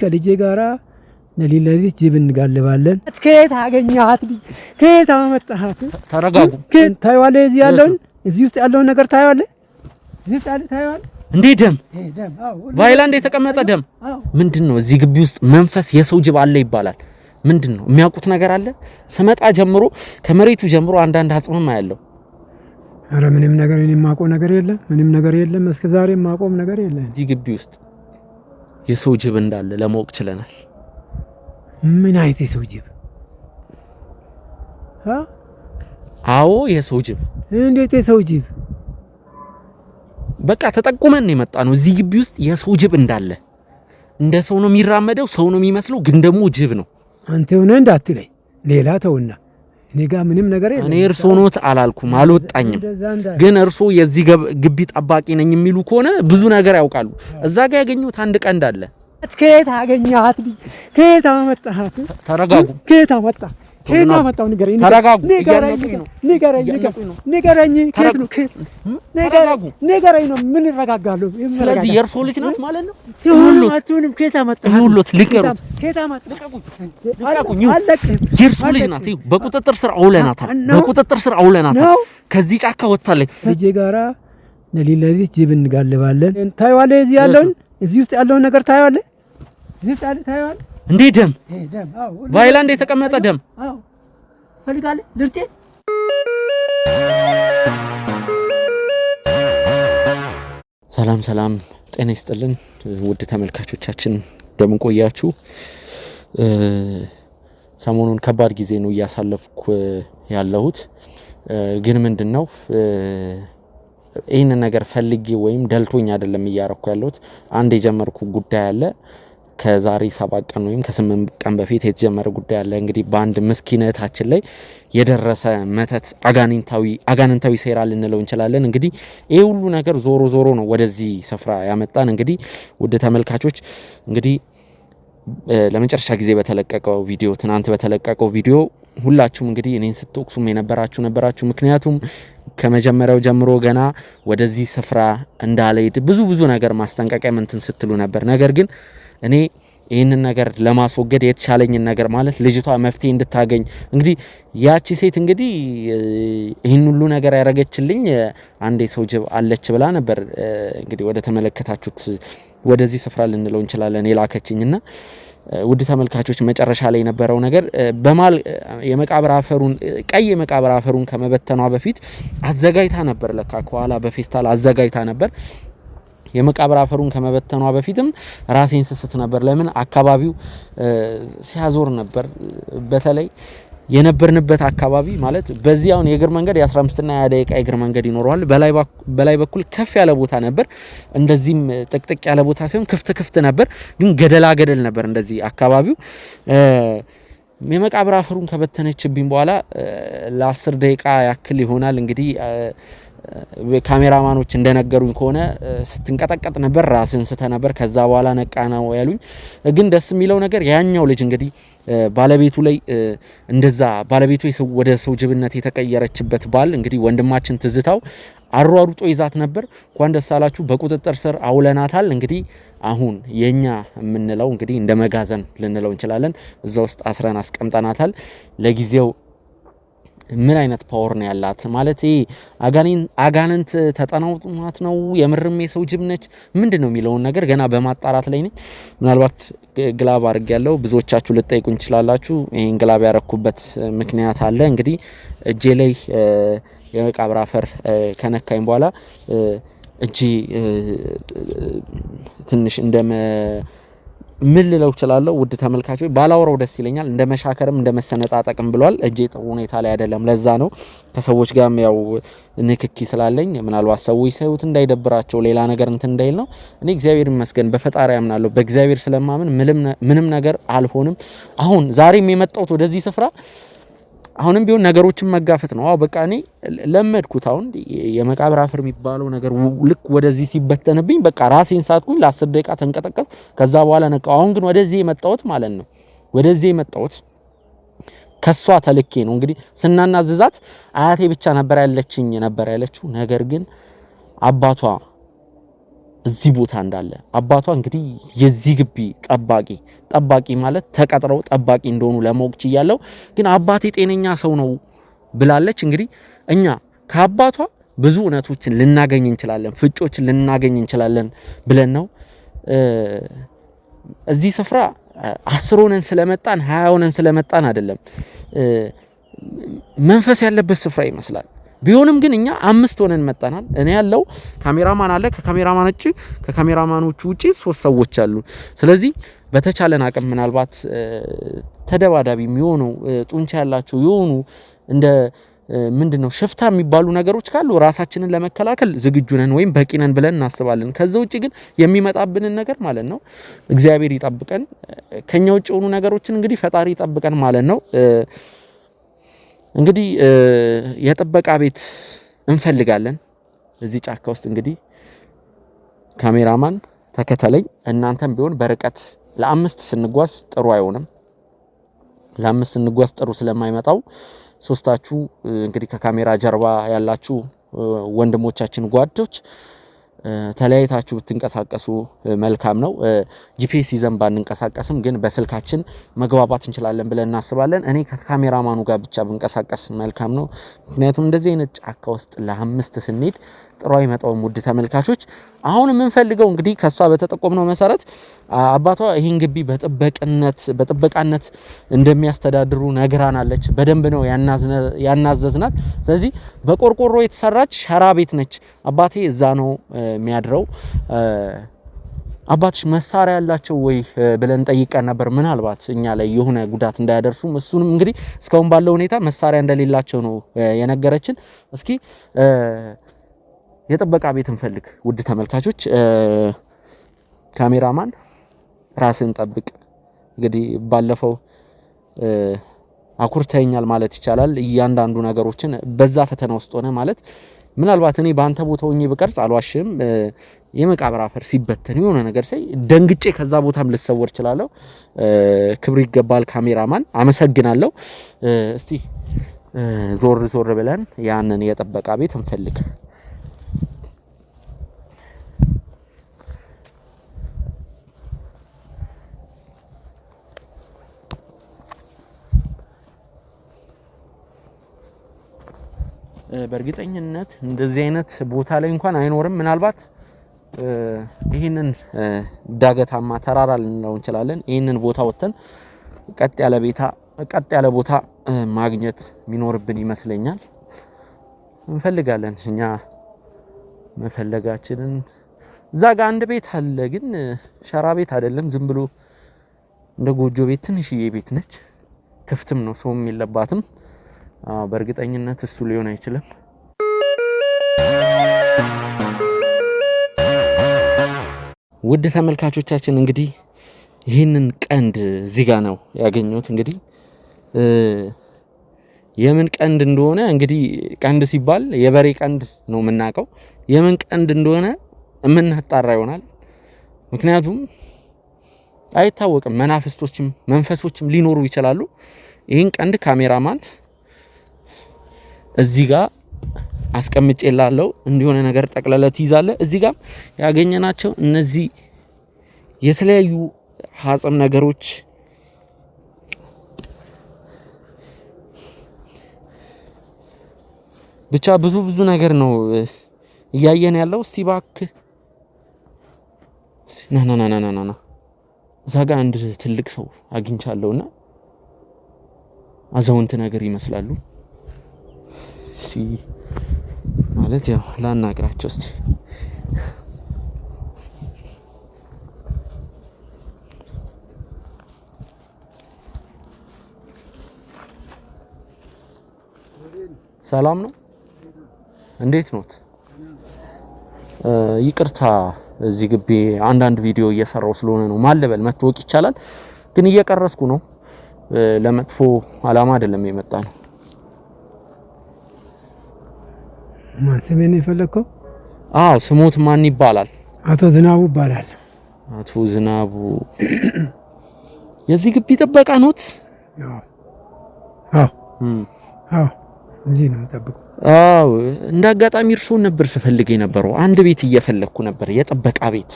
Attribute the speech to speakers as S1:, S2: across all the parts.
S1: ከልጄ ጋራ ለሌት ለሊት ጅብ እንጋልባለን።
S2: ከየት አገኘሃት? ልጅ ከየት አመጣሃት? ተረጋጉ። ታየዋለህ? እዚህ ያለውን እዚህ ውስጥ ያለውን ነገር ታየዋለህ? እዚህ ውስጥ ያለ ታየዋለህ
S1: እንዴ? ደም በሀይላንድ የተቀመጠ ደም ምንድን ነው? እዚህ ግቢ ውስጥ መንፈስ የሰው ጅብ አለ ይባላል። ምንድን ነው የሚያውቁት ነገር አለ? ስመጣ ጀምሮ ከመሬቱ ጀምሮ አንዳንድ አጽምም አያለው?
S2: ኧረ ምንም ነገር እኔ የማውቀው ነገር የለም። ምንም ነገር የለም። እስከ ዛሬ የማውቀውም ነገር የለም
S1: እዚህ ግቢ ውስጥ የሰው ጅብ እንዳለ ለማወቅ ችለናል።
S2: ምን አይነት የሰው ጅብ?
S1: አዎ የሰው ጅብ።
S2: እንዴት የሰው ጅብ?
S1: በቃ ተጠቁመን የመጣ ነው። እዚህ ግቢ ውስጥ የሰው ጅብ እንዳለ እንደ ሰው ነው የሚራመደው፣ ሰው ነው የሚመስለው፣ ግን ደግሞ ጅብ ነው።
S2: አንተ ሆነ እንዳትለኝ ሌላ ተውና እኔ ጋር ምንም ነገር የለም። እኔ
S1: እርሶ ኖት አላልኩም፣ አልወጣኝም። ግን እርሶ የዚህ ግቢ ጠባቂ ነኝ የሚሉ ከሆነ ብዙ ነገር ያውቃሉ። እዛ ጋር ያገኙት አንድ ቀንድ አለ።
S2: ከየት አገኘሃት? ከየት አመጣሃት? ተረጋጉ። ከየት አመጣ ከየት
S1: ንገረኝ፣
S2: ንገረኝ ነው
S1: ስለዚህ የእርሶ ልጅ ናት ማለት ነው። ከየት ልቀሩት፣ የእርሶ ልጅ ናት። በቁጥጥር ስር አውለናታል፣ በቁጥጥር ስር አውለናታል። ከዚህ ጫካ ወጥታለች።
S2: ልጄ ጋራ ለሌላ ቤት ጅብ እንጋልባለን። ታይዋለህ፣ እዚህ ያለውን እዚህ ውስጥ ያለውን ነገር ታይዋለህ፣ እዚህ ታይዋለህ
S1: እንዴ ደም በሀይላንድ የተቀመጠ ደም ሰላም ሰላም ጤና ይስጥልን ውድ ተመልካቾቻችን እንደምን ቆያችሁ ሰሞኑን ከባድ ጊዜ ነው እያሳለፍኩ ያለሁት ግን ምንድን ነው ይህንን ነገር ፈልጌ ወይም ደልቶኝ አይደለም እያረኩ ያለሁት አንድ የጀመርኩ ጉዳይ አለ ከዛሬ ሰባት ቀን ወይም ከስምንት ቀን በፊት የተጀመረ ጉዳይ አለ። እንግዲህ በአንድ ምስኪን እህታችን ላይ የደረሰ መተት አጋንንታዊ ሴራ ልንለው እንችላለን። እንግዲህ ይህ ሁሉ ነገር ዞሮ ዞሮ ነው ወደዚህ ስፍራ ያመጣን። እንግዲህ ውድ ተመልካቾች እንግዲህ ለመጨረሻ ጊዜ በተለቀቀው ቪዲዮ ትናንት በተለቀቀው ቪዲዮ ሁላችሁም እንግዲህ እኔን ስትወቅሱም የነበራችሁ ነበራችሁ። ምክንያቱም ከመጀመሪያው ጀምሮ ገና ወደዚህ ስፍራ እንዳልሄድ ብዙ ብዙ ነገር ማስጠንቀቂያ ምንትን ስትሉ ነበር ነገር ግን እኔ ይህንን ነገር ለማስወገድ የተሻለኝን ነገር ማለት ልጅቷ መፍትሄ እንድታገኝ እንግዲህ ያቺ ሴት እንግዲህ ይህን ሁሉ ነገር ያደረገችልኝ አንዴ ሰው ጅብ አለች ብላ ነበር። እንግዲህ ወደ ተመለከታችሁት ወደዚህ ስፍራ ልንለው እንችላለን እና ውድ ተመልካቾች መጨረሻ ላይ የነበረው ነገር በማል የመቃብር አፈሩን ቀይ የመቃብር አፈሩን ከመበተኗ በፊት አዘጋጅታ ነበር። ለካ ከኋላ በፌስታል አዘጋጅታ ነበር። የመቃብር አፈሩን ከመበተኗ በፊትም ራሴን ስስት ነበር። ለምን አካባቢው ሲያዞር ነበር። በተለይ የነበርንበት አካባቢ ማለት በዚህ አሁን የእግር መንገድ የ15 እና የ20 ደቂቃ የእግር መንገድ ይኖረዋል። በላይ በኩል ከፍ ያለ ቦታ ነበር። እንደዚህም ጥቅጥቅ ያለ ቦታ ሲሆን ክፍት ክፍት ነበር፣ ግን ገደላ ገደል ነበር። እንደዚህ አካባቢው የመቃብር አፈሩን ከበተነችብኝ በኋላ ለ10 ደቂቃ ያክል ይሆናል እንግዲህ ካሜራማኖች እንደነገሩኝ ከሆነ ስትንቀጠቀጥ ነበር፣ ራስን ስተ ነበር። ከዛ በኋላ ነቃ ነው ያሉኝ። ግን ደስ የሚለው ነገር ያኛው ልጅ እንግዲህ ባለቤቱ ላይ እንደዛ ባለቤቱ ወደ ሰው ጅብነት የተቀየረችበት ባል እንግዲህ ወንድማችን ትዝታው አሯሩጦ ይዛት ነበር። እንኳን ደስ አላችሁ፣ በቁጥጥር ስር አውለናታል። እንግዲህ አሁን የኛ የምንለው እንግዲህ እንደ መጋዘን ልንለው እንችላለን። እዛ ውስጥ አስረን አስቀምጠናታል ለጊዜው ምን አይነት ፓወር ነው ያላት? ማለት አጋንንት ተጠናውማት ነው የምርም የሰው ጅብ ነች ምንድን ነው የሚለውን ነገር ገና በማጣራት ላይ ነኝ። ምናልባት ግላብ አድርግ ያለው ብዙዎቻችሁ ልጠይቁ እንችላላችሁ። ይህን ግላብ ያረኩበት ምክንያት አለ። እንግዲህ እጄ ላይ የመቃብር አፈር ከነካኝ በኋላ እጄ ትንሽ እንደ ምን ልለው እችላለሁ? ውድ ተመልካቾች ባላወራው ደስ ይለኛል። እንደ መሻከርም እንደ መሰነጣጠቅም ብሏል። እጄ ጥሩ ሁኔታ ላይ አይደለም። ለዛ ነው ከሰዎች ጋርም ያው ንክኪ ስላለኝ ምናልባት ሰዎች ሳይሁት እንዳይደብራቸው ሌላ ነገር እንትን እንዳይል ነው። እኔ እግዚአብሔር ይመስገን በፈጣሪ ያምናለሁ። በእግዚአብሔር ስለማምን ምንም ነገር አልሆንም። አሁን ዛሬም የመጣሁት ወደዚህ ስፍራ አሁንም ቢሆን ነገሮችን መጋፈት ነው። አዎ በቃ እኔ ለመድኩት። አሁን የመቃብር አፈር የሚባለው ነገር ልክ ወደዚህ ሲበተንብኝ በቃ ራሴን ሳትኩኝ፣ ለአስር ደቂቃ ተንቀጠቀጥ፣ ከዛ በኋላ ነቃው። አሁን ግን ወደዚህ የመጣሁት ማለት ነው ወደዚህ የመጣሁት ከሷ ተልኬ ነው። እንግዲህ ስናናዝዛት አያቴ ብቻ ነበር ያለችኝ ነበር ያለችው ነገር ግን አባቷ እዚህ ቦታ እንዳለ አባቷ እንግዲህ የዚህ ግቢ ጠባቂ ጠባቂ ማለት ተቀጥረው ጠባቂ እንደሆኑ ለማወቅ ችያለሁ። ግን አባቴ ጤነኛ ሰው ነው ብላለች። እንግዲህ እኛ ከአባቷ ብዙ እውነቶችን ልናገኝ እንችላለን፣ ፍጮችን ልናገኝ እንችላለን ብለን ነው እዚህ ስፍራ አስር ሆነን ስለመጣን ሀያ ሆነን ስለመጣን አይደለም። መንፈስ ያለበት ስፍራ ይመስላል። ቢሆንም ግን እኛ አምስት ሆነን መጣናል። እኔ ያለው ካሜራማን አለ። ከካሜራማን ውጭ ከካሜራማኖቹ ውጪ ሶስት ሰዎች አሉ። ስለዚህ በተቻለን አቅም ምናልባት ተደባዳቢ የሚሆኑ ጡንቻ ያላቸው የሆኑ እንደ ምንድን ነው ሽፍታ የሚባሉ ነገሮች ካሉ ራሳችንን ለመከላከል ዝግጁ ነን ወይም በቂ ነን ብለን እናስባለን። ከዛ ውጭ ግን የሚመጣብንን ነገር ማለት ነው እግዚአብሔር ይጠብቀን። ከኛ ውጭ የሆኑ ነገሮችን እንግዲህ ፈጣሪ ይጠብቀን ማለት ነው። እንግዲህ የጥበቃ ቤት እንፈልጋለን። እዚህ ጫካ ውስጥ እንግዲህ ካሜራማን ተከተለኝ። እናንተም ቢሆን በርቀት ለአምስት ስንጓዝ ጥሩ አይሆንም። ለአምስት ስንጓዝ ጥሩ ስለማይመጣው ሶስታችሁ እንግዲህ ከካሜራ ጀርባ ያላችሁ ወንድሞቻችን ጓዶች ተለያይታችሁ ብትንቀሳቀሱ መልካም ነው። ጂፒኤስ ይዘን ባንንቀሳቀስም ግን በስልካችን መግባባት እንችላለን ብለን እናስባለን። እኔ ከካሜራማኑ ጋር ብቻ ብንቀሳቀስ መልካም ነው። ምክንያቱም እንደዚህ አይነት ጫካ ውስጥ ለአምስት ስንሄድ ጥሩ አይመጣውም። ውድ ተመልካቾች አሁን የምንፈልገው እንግዲህ ከሷ በተጠቆምነው መሰረት አባቷ ይህን ግቢ በጥበቅነት በጥበቃነት እንደሚያስተዳድሩ ነግራናለች። በደንብ ነው ያናዘዝናት። ስለዚህ በቆርቆሮ የተሰራች ሸራ ቤት ነች። አባቴ እዛ ነው የሚያድረው። አባትሽ መሳሪያ ያላቸው ወይ ብለን ጠይቀን ነበር። ምናልባት እኛ ላይ የሆነ ጉዳት እንዳያደርሱም እሱንም እንግዲህ እስካሁን ባለው ሁኔታ መሳሪያ እንደሌላቸው ነው የነገረችን። እስኪ የጥበቃ ቤት እንፈልግ። ውድ ተመልካቾች፣ ካሜራማን ራስን ጠብቅ። እንግዲህ ባለፈው አኩርተኛል ማለት ይቻላል። እያንዳንዱ ነገሮችን በዛ ፈተና ውስጥ ሆነ ማለት ምናልባት እኔ በአንተ ቦታ ሆኜ ብቀርጽ አልዋሽም፣ የመቃብር አፈር ሲበተን የሆነ ነገር ሳይ ደንግጬ ከዛ ቦታም ልሰወር እችላለሁ። ክብር ይገባል ካሜራማን፣ አመሰግናለሁ። እስቲ ዞር ዞር ብለን ያንን የጥበቃ ቤት እንፈልግ። በእርግጠኝነት እንደዚህ አይነት ቦታ ላይ እንኳን አይኖርም። ምናልባት ይህንን ዳገታማ ተራራ ልንለው እንችላለን። ይህንን ቦታ ወጥተን ቀጥ ያለ ቤታ ቀጥ ያለ ቦታ ማግኘት የሚኖርብን ይመስለኛል። እንፈልጋለን እኛ መፈለጋችንን። እዛ ጋ አንድ ቤት አለ፣ ግን ሸራ ቤት አይደለም። ዝም ብሎ እንደ ጎጆ ቤት ትንሽዬ ቤት ነች። ክፍትም ነው ሰውም የለባትም። በእርግጠኝነት እሱ ሊሆን አይችልም። ውድ ተመልካቾቻችን እንግዲህ ይህንን ቀንድ እዚህ ጋ ነው ያገኘት እንግዲህ የምን ቀንድ እንደሆነ እንግዲህ ቀንድ ሲባል የበሬ ቀንድ ነው የምናውቀው። የምን ቀንድ እንደሆነ የምናጣራ ይሆናል። ምክንያቱም አይታወቅም፣ መናፍስቶችም መንፈሶችም ሊኖሩ ይችላሉ። ይህን ቀንድ ካሜራማን እዚህ ጋር አስቀምጬ ላለው እንዲሆነ ነገር ጠቅለለ ትይዛለ። እዚህ ጋር ያገኘናቸው እነዚህ የተለያዩ አጽም ነገሮች ብቻ ብዙ ብዙ ነገር ነው እያየን ያለው። እስቲ እባክህ ናናናናናና እዛ ጋር አንድ ትልቅ ሰው አግኝቻለሁና አዛውንት ነገር ይመስላሉ። እስቲ ማለት ያው ላናግራቸው እስቲ ሰላም ነው? እንዴት ኖት? ይቅርታ እዚህ ግቢ አንዳንድ ቪዲዮ እየሰራው ስለሆነ ነው። ማለበል መታወቅ ይቻላል፣ ግን እየቀረስኩ ነው። ለመጥፎ አላማ አይደለም የመጣ ነው።
S2: ስሜን የፈለግከው?
S1: አዎ። ስሞት ማን ይባላል?
S2: አቶ ዝናቡ ይባላል።
S1: አቶ ዝናቡ የዚህ ግቢ ጥበቃ ኖት?
S2: አዎ፣ አዎ፣ እዚህ ነው የምጠብቀው።
S1: አዎ፣ እንደ አጋጣሚ እርስዎን ነበር ስፈልግ የነበረው። አንድ ቤት እየፈለግኩ ነበር፣ የጥበቃ ቤት።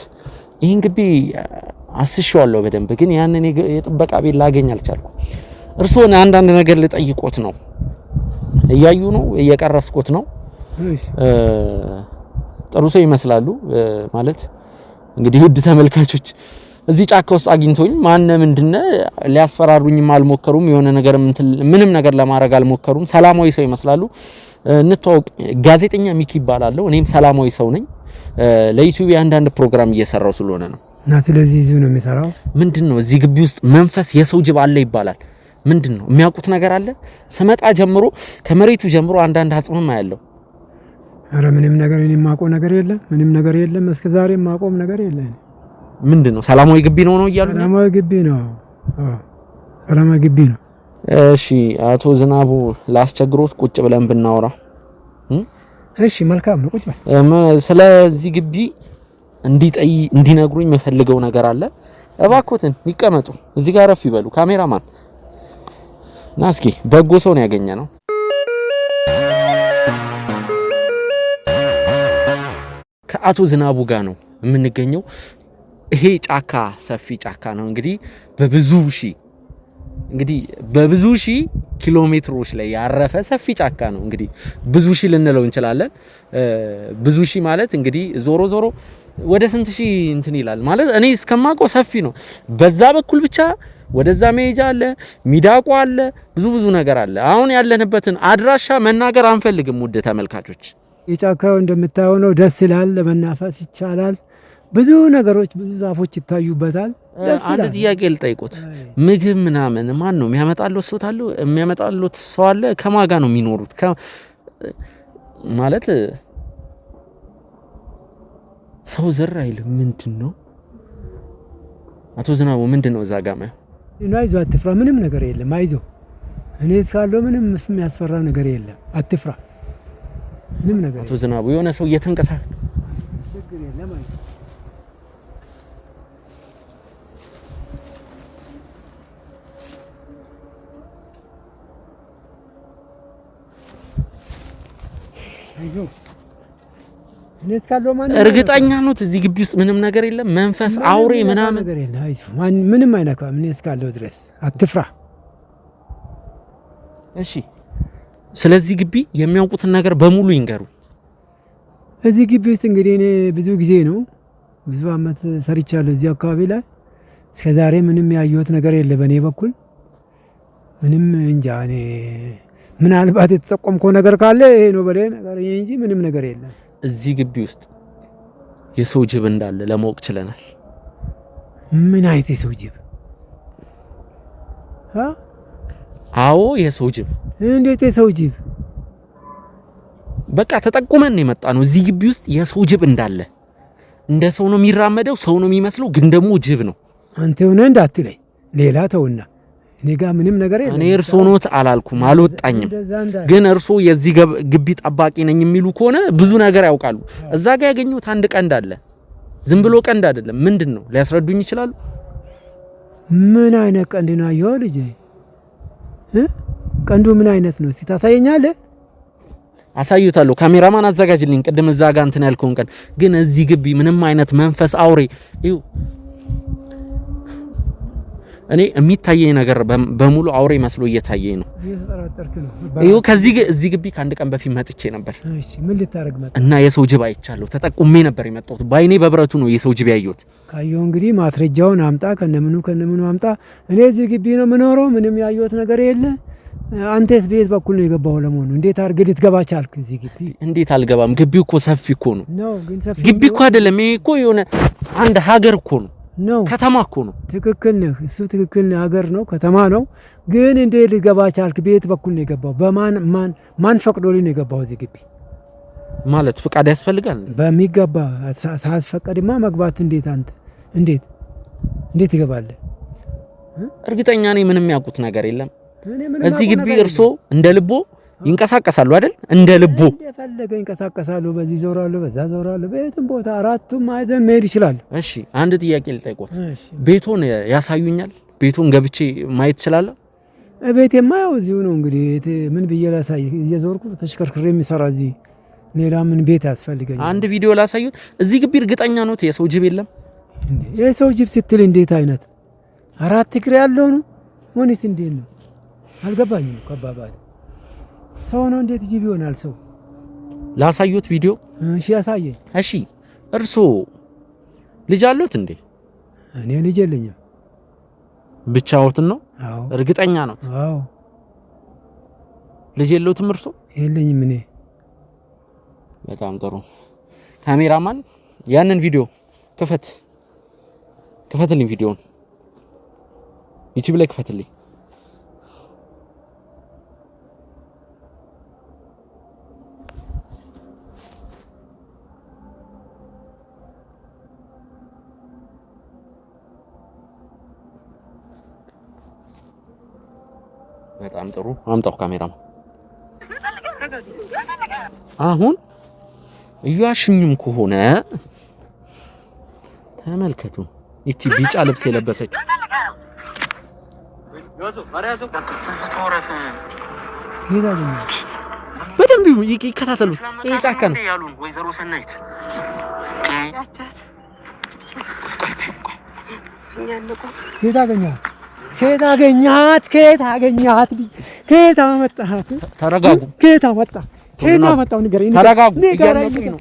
S1: ይህን ግቢ አስሼዋለሁ በደንብ፣ ግን ያንን የጥበቃ ቤት ላገኝ አልቻልኩ። እርስዎን አንዳንድ ነገር ልጠይቆት ነው። እያዩ ነው፣ እየቀረስኩት ነው ጥሩ ሰው ይመስላሉ። ማለት እንግዲህ ውድ ተመልካቾች እዚህ ጫካ ውስጥ አግኝቶኝ ማነ ምንድነ ሊያስፈራሩኝም አልሞከሩም። የሆነ ነገር ምንም ነገር ለማድረግ አልሞከሩም። ሰላማዊ ሰው ይመስላሉ። እንተዋወቅ። ጋዜጠኛ ሚኪ ይባላለሁ። እኔም ሰላማዊ ሰው ነኝ። ለዩቲዩብ የአንዳንድ ፕሮግራም እየሰራው ስለሆነ ነው
S2: እና ስለዚህ እዚሁ ነው የሚሰራው።
S1: ምንድን ነው እዚህ ግቢ ውስጥ መንፈስ የሰው ጅብ አለ ይባላል። ምንድን ነው የሚያውቁት ነገር አለ። ስመጣ ጀምሮ ከመሬቱ ጀምሮ አንዳንድ አጽምም አያለው
S2: ኧረ ምንም ነገር እኔ የማውቀው ነገር የለም። ምንም ነገር የለም። እስከ ዛሬ የማውቀውም ነገር የለም።
S1: ምንድን ነው ሰላማዊ ግቢ ነው ነው እያሉ
S2: ሰላማዊ ግቢ ነው። ሰላማዊ ግቢ ነው።
S1: እሺ አቶ ዝናቡ ላስቸግሮት ቁጭ ብለን ብናወራ
S2: እሺ፣ መልካም ነው። ቁጭ
S1: በል። ስለዚህ ግቢ እንዲጠይ እንዲነግሩኝ የምፈልገው ነገር አለ። እባኮትን ይቀመጡ፣ እዚህ ጋር ረፍ ይበሉ። ካሜራማን ናስኪ፣ በጎ ሰው ነው ያገኘ ነው ከአቶ ዝናቡ ጋር ነው የምንገኘው። ይሄ ጫካ ሰፊ ጫካ ነው እንግዲህ በብዙ ሺ እንግዲህ በብዙ ሺ ኪሎ ሜትሮች ላይ ያረፈ ሰፊ ጫካ ነው። እንግዲህ ብዙ ሺ ልንለው እንችላለን። ብዙ ሺ ማለት እንግዲህ ዞሮ ዞሮ ወደ ስንት ሺ እንትን ይላል ማለት እኔ እስከማውቀው ሰፊ ነው። በዛ በኩል ብቻ ወደዛ መሄጃ አለ፣ ሚዳቆ አለ፣ ብዙ ብዙ ነገር አለ። አሁን ያለንበትን አድራሻ መናገር አንፈልግም ውድ ተመልካቾች።
S2: የጫካው እንደምታየው ነው። ደስ ይላል፣ ለመናፈስ ይቻላል። ብዙ ነገሮች ብዙ ዛፎች ይታዩበታል።
S1: አንድ ጥያቄ ልጠይቁት። ምግብ ምናምን ማን ነው የሚያመጣሉት? ሰው ታሉ የሚያመጣሉት ሰው አለ? ከማጋ ነው የሚኖሩት? ማለት ሰው ዘር አይልም። ምንድን ነው አቶ ዝናቡ ምንድን ነው እዛ ጋማ?
S2: አይዞህ አትፍራ፣ ምንም ነገር የለም። አይዞ እኔ እስካለሁ ምንም የሚያስፈራ ነገር የለም። አትፍራ ምንም ነገር አቶ
S1: ዝናቡ የሆነ ሰው እየተንቀሳቀሰ እርግጠኛ ነው እዚህ ግቢ ውስጥ ምንም ነገር የለም። መንፈስ አውሬ ምናምን
S2: ምንም አይነካ። ምን እስካለሁ ድረስ አትፍራ።
S1: እሺ ስለዚህ ግቢ የሚያውቁትን ነገር በሙሉ ይንገሩ።
S2: እዚህ ግቢ ውስጥ እንግዲህ እኔ ብዙ ጊዜ ነው ብዙ አመት ሰርቻለሁ እዚህ አካባቢ ላይ። እስከ ዛሬ ምንም ያየሁት ነገር የለ በእኔ በኩል ምንም እንጃ። እኔ ምናልባት የተጠቆምከው ነገር ካለ ይሄ ነው በላይ ነገር እንጂ ምንም ነገር የለም።
S1: እዚህ ግቢ ውስጥ የሰው ጅብ እንዳለ ለማወቅ ችለናል።
S2: ምን አይነት የሰው ጅብ
S1: አዎ የሰው ጅብ።
S2: እንዴት የሰው ጅብ?
S1: በቃ ተጠቁመን የመጣ ነው። እዚህ ግቢ ውስጥ የሰው ጅብ እንዳለ እንደ ሰው ነው የሚራመደው፣ ሰው ነው የሚመስለው፣ ግን ደግሞ ጅብ ነው።
S2: አንተ ሆነ እንዳትለኝ፣ ሌላ ተውና፣ እኔ ጋር ምንም ነገር የለም።
S1: እኔ እርሶ ኖት አላልኩም፣ አልወጣኝም። ግን እርሶ የዚህ ግቢ ጠባቂ ነኝ የሚሉ ከሆነ ብዙ ነገር ያውቃሉ። እዛ ጋር ያገኙት አንድ ቀንድ አለ። ዝም ብሎ ቀንድ አይደለም። ምንድን ነው ሊያስረዱኝ ይችላሉ?
S2: ምን አይነት ቀንድ ነው? አየሁ ልጄ ቀንዱ ምን አይነት ነው? እስቲ ታሳየኛለህ?
S1: አሳዩታለሁ። ካሜራማን አዘጋጅልኝ። ቅድም እዛ ጋር እንትን ያልከውን ቀን ግን እዚህ ግቢ ምንም አይነት መንፈስ አውሬ እኔ የሚታየኝ ነገር በሙሉ አውሬ መስሎ እየታየኝ ነው። ይኸው ከዚህ እዚህ ግቢ ከአንድ ቀን በፊት መጥቼ ነበር እና የሰው ጅብ አይቻለሁ። ተጠቁሜ ነበር የመጣሁት። በአይኔ በብረቱ ነው የሰው ጅብ ያየሁት።
S2: ካየሁ እንግዲህ ማስረጃውን አምጣ፣ ከነምኑ ከነምኑ አምጣ። እኔ እዚህ ግቢ ነው የምኖረው። ምንም ያየሁት ነገር የለ። አንተስ ቤት በኩል ነው የገባው? ለመሆኑ እንዴት አድርገህ ልትገባ ቻልክ? እዚህ ግቢ
S1: እንዴት አልገባም? ግቢው እኮ ሰፊ እኮ ነው። ግቢ እኮ አይደለም ይሄ እኮ የሆነ አንድ ሀገር እኮ ነው ነው። ከተማ እኮ ነው።
S2: ትክክል ነህ። እሱ ትክክል ሀገር ነው፣ ከተማ ነው። ግን እንዴት ልገባ ቻልክ? ቤት በኩል ነው የገባው። በማን ማን ማን ፈቅዶልኝ ነው የገባው እዚህ ግቢ?
S1: ማለት ፍቃድ ያስፈልጋል
S2: በሚገባ። ሳያስፈቀድማ መግባት እንዴት አንተ እንዴት እንዴት ይገባለህ?
S1: እርግጠኛ ነኝ ምንም ያውቁት ነገር የለም እዚህ ግቢ። እርሶ እንደ ልቦ ይንቀሳቀሳሉ አይደል? እንደ ልቡ
S2: የፈለገ ይንቀሳቀሳሉ። በዚህ ዞራሉ፣ በዛ ዞራሉ። በየትም ቦታ አራቱም ማዕዘን መሄድ ይችላሉ።
S1: እሺ፣ አንድ ጥያቄ ልጠይቆት። ቤቶን ያሳዩኛል? ቤቱን ገብቼ ማየት እችላለሁ?
S2: ቤት የማየው እዚሁ ነው። እንግዲህ ምን ብዬ ላሳይ? እየዞርኩ ተሽከርክሬ የሚሰራ እዚህ ሌላ ምን ቤት ያስፈልገኛል?
S1: አንድ ቪዲዮ ላሳዩ። እዚህ ግቢ እርግጠኛ ኖት የሰው ጅብ የለም?
S2: የሰው ጅብ ስትል እንዴት አይነት አራት እግር ያለው ነው ወይስ እንዴት ነው? አልገባኝም ከባባል ሰው ነው እንዴት ጅብ ይሆናል? ሰው
S1: ላሳዩት ቪዲዮ። እሺ ያሳየኝ። እሺ እርስዎ ልጅ አሉት እንዴ?
S2: እኔ ልጅ የለኝም።
S1: ብቻዎትን ነው? እርግጠኛ ነው? አዎ። ልጅ የለውትም እርሶ የለኝም እኔ። በጣም ጥሩ። ካሜራማን ያንን ቪዲዮ ክፈት፣ ክፈትልኝ። ቪዲዮውን ዩቲዩብ ላይ ክፈትልኝ። በጣም ጥሩ አምጣው ካሜራ አሁን እያሽኝም ከሆነ ተመልከቱ። ይቺ ቢጫ ልብስ የለበሰች በደንብ ይከታተሉት። ይሄ ጫካ ነው። ወይዘሮ ሰናይት
S2: የት አገኘኸው? ከየት አገኛት? ከየት አገኛት? ከየት አመጣሃት? ተረጋጉ። ከየት አመጣ? ከየት አመጣው? ንገረኝ፣
S1: ንገረኝ
S2: ነው።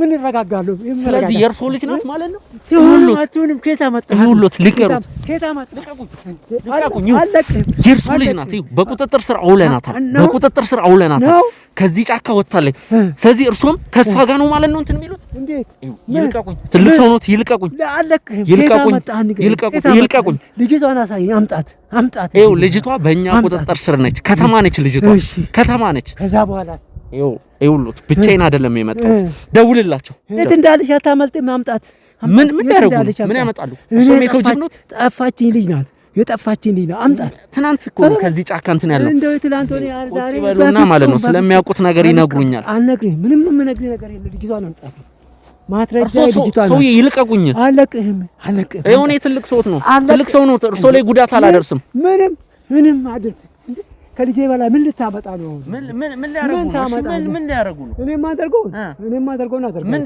S2: ምን እረጋጋለሁ?
S1: ስለዚህ የእርሶ ልጅ ናት ማለት ነው።
S2: አትሁንም። ከየት አመጣህ?
S1: ሁሉት ልቀሩት። ከየት አመጣህ? የእርሶ ልጅ ናት። በቁጥጥር ስር አውለናታል። በቁጥጥር ስር አውለናታል። ከዚህ ጫካ ወጥታለች። ስለዚህ እርሶም ከእሷ ጋር ነው ማለት ነው እንትን የሚሉት። ይልቀቁኝ፣ ትልቅ ሰው ኖት፣ ይልቀቁኝ፣ ይልቀቁኝ።
S2: ልጅቷን አሳይ፣ አምጣት፣ አምጣት።
S1: ይኸው ልጅቷ በእኛ ቁጥጥር ስር ነች። ከተማ ነች፣ ልጅቷ ከተማ ነች። ከዛ በኋላ ይኸውልዎት ብቻዬን አይደለም የመጣሁት። ደውልላቸው፣
S2: የት እንዳለች አታመልጥም። አምጣት።
S1: ምን ምን ያደርጉ? ምን ያመጣሉ? እሱም የሰው ጅብ ኖት።
S2: ጠፋችኝ ልጅ ናት የጠፋችን ነው አምጣት።
S1: ትናንት እኮ ከዚህ ጫካ እንትን ያለው
S2: እንደው ትናንት ሆነ ያር
S1: ዛሬ በሉና ማለት ነው። ስለሚያውቁት ነገር ይነግሩኛል።
S2: አልነግርህም። ምንም የምነግርህ ነገር የለም። ልጅቷን አምጣት። ማትረጃ
S1: ልጅቷን ሰውዬ ይልቀቁኝ። አለቅህም፣ አለቅህም። ይኸው እኔ ትልቅ ሰው ነው፣ ትልቅ ሰው ነው። እርሶ ላይ ጉዳት አላደርስም።
S2: ምንም ምንም አደርስም ከልጄ በላይ ምን ልታመጣ ነው?
S1: ምን ምን ምን ሊያረጉ ነው? ምን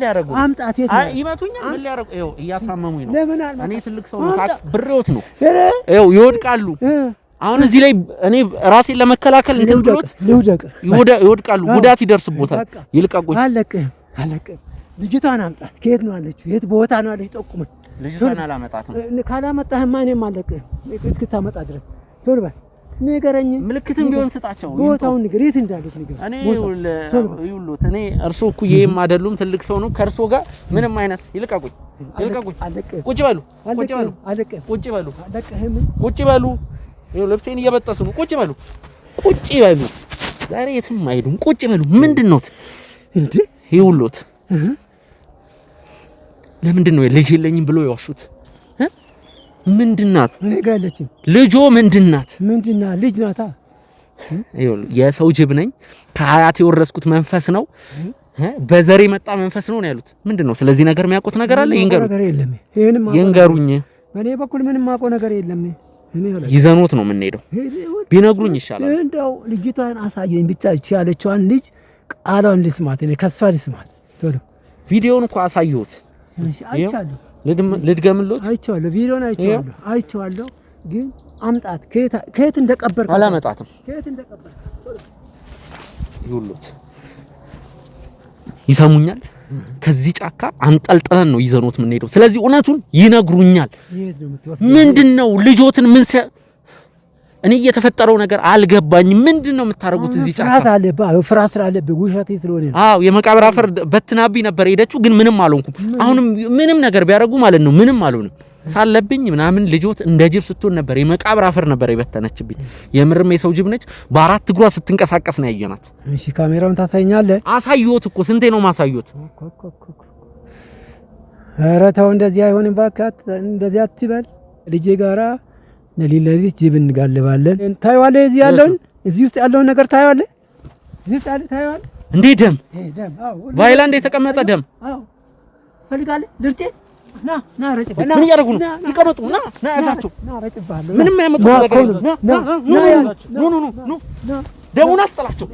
S1: ሊያረጉ አምጣት የት ነው? ይመቱኛል። ምን ሊያረጉ ይኸው፣ እያሳመሙኝ ነው። እኔ ትልቅ ሰው ነው፣ ብሬዎት ነው። ይኸው ይወድቃሉ። አሁን እዚህ ላይ እኔ ራሴን ለመከላከል እንትን ብሎት ልውደቅ፣ ይወድቃሉ፣ ጉዳት ይደርስቦታል። ይልቀቁኝ።
S2: አለቅህ አለቅህ። ልጅቷን አምጣት። ከየት ነው አለችው? የት ቦታ ነው አለች? ጠቁመኝ።
S1: ልጅቷን አላመጣትም።
S2: ካላመጣህማ እኔም አለቅህ እስክታመጣ ድረስ ዞር በል ንገረኝ።
S1: ምልክትም ቢሆን ስጣቸው።
S2: ቦታውን ንገር፣ የት
S1: እንዳሉት ንገር። እኔ ይኸውልህ፣ እኔ እርሶ እኩዬም አይደሉም፣ ትልቅ ሰው ነው። ከእርሶ ጋር ምንም አይነት ይልቀቁኝ፣ ይልቀቁኝ። ቁጭ በሉ፣ ቁጭ በሉ፣ ቁጭ በሉ፣ ቁጭ በሉ። ልብሴን እየበጠሱ ነው። ቁጭ በሉ፣ ቁጭ በሉ። ዛሬ የትም አይሄዱም። ቁጭ በሉ። ምንድን ነው እንዴ? ይኸውልዎት፣ ለምንድን ነው ልጅ የለኝም ብሎ የዋሹት? ምንድናት?
S2: እኔ ጋር የለችም።
S1: ልጆ ምንድናት?
S2: ምንድና ልጅ ናታ።
S1: የሰው ጅብ ነኝ ከአያት የወረስኩት መንፈስ ነው፣ በዘር የመጣ መንፈስ ነው ያሉት። ምንድን ነው? ስለዚህ ነገር የሚያውቁት ነገር አለ?
S2: ይንገሩ። ነገር የለም።
S1: ይሄንም ይንገሩኝ።
S2: በእኔ በኩል ምንም አውቀው ነገር የለም።
S1: ይዘኖት ነው የምንሄደው። ቢነግሩኝ ይሻላል።
S2: እንደው ልጅቷን አሳየኝ ብቻ። እቺ ያለችዋን ልጅ ቃሏን ልስማት፣ እኔ ከሷ ልስማት። ቶሎ
S1: ቪዲዮን እኮ አሳየሁት። አይቻለሁ ልድገምሎት።
S2: አይቼዋለሁ፣ ቪዲዮን አይቼዋለሁ፣ አይቼዋለሁ። ግን አምጣት። ከየት እንደቀበርክ አላመጣትም። ከየት እንደቀበርክ
S1: ይውሉት ይሰሙኛል። ከዚህ ጫካ አንጠልጥለን ነው ይዘኖት የምንሄደው። ስለዚህ እውነቱን ይነግሩኛል። ምንድን ነው ልጆትን ምን እኔ እየተፈጠረው ነገር አልገባኝም። ምንድን ነው የምታደርጉት እዚህ ጫካ? ፍርሃት
S2: አለብህ። ፍርሃት ስላለብህ ውሸት ስለሆነ
S1: አዎ፣ የመቃብር አፈር በትናብኝ ነበር የሄደችው፣ ግን ምንም አልሆንኩም። አሁንም ምንም ነገር ቢያደርጉ ማለት ነው ምንም አልሆንም ሳለብኝ ምናምን ልጆት እንደ ጅብ ስትሆን ነበር። የመቃብር አፈር ነበር የበተነችብኝ። የምርም የሰው ጅብ ነች። በአራት እግሯ ስትንቀሳቀስ ነው ያየናት።
S2: እሺ፣ ካሜራውን ታሳይኛለህ?
S1: አሳየሁት እኮ ስንቴ ነው ማሳየሁት?
S2: ኧረ ተው እንደዚህ አይሆንም እባክህ፣ እንደዚህ አትበል ልጄ ጋራ ለሌላ ቤት ጅብ እንጋልባለን። ታየዋለህ? እዚህ ያለውን እዚህ ውስጥ ያለውን ነገር ታየዋለህ? እዚህ ውስጥ ያለ ታየዋለህ
S1: እንዴ? ደም ቫይላንድ የተቀመጠ ደም
S2: ፈልጋለህ? ድርቴ ና ና ረጭ።
S1: ምን እያደረጉ ነው? ይቀመጡ። ና ና ያዛቸው። ምንም ያመጡ ነገር የለም። ና ኑ ኑ ኑ ደሙን አስጠላቸው።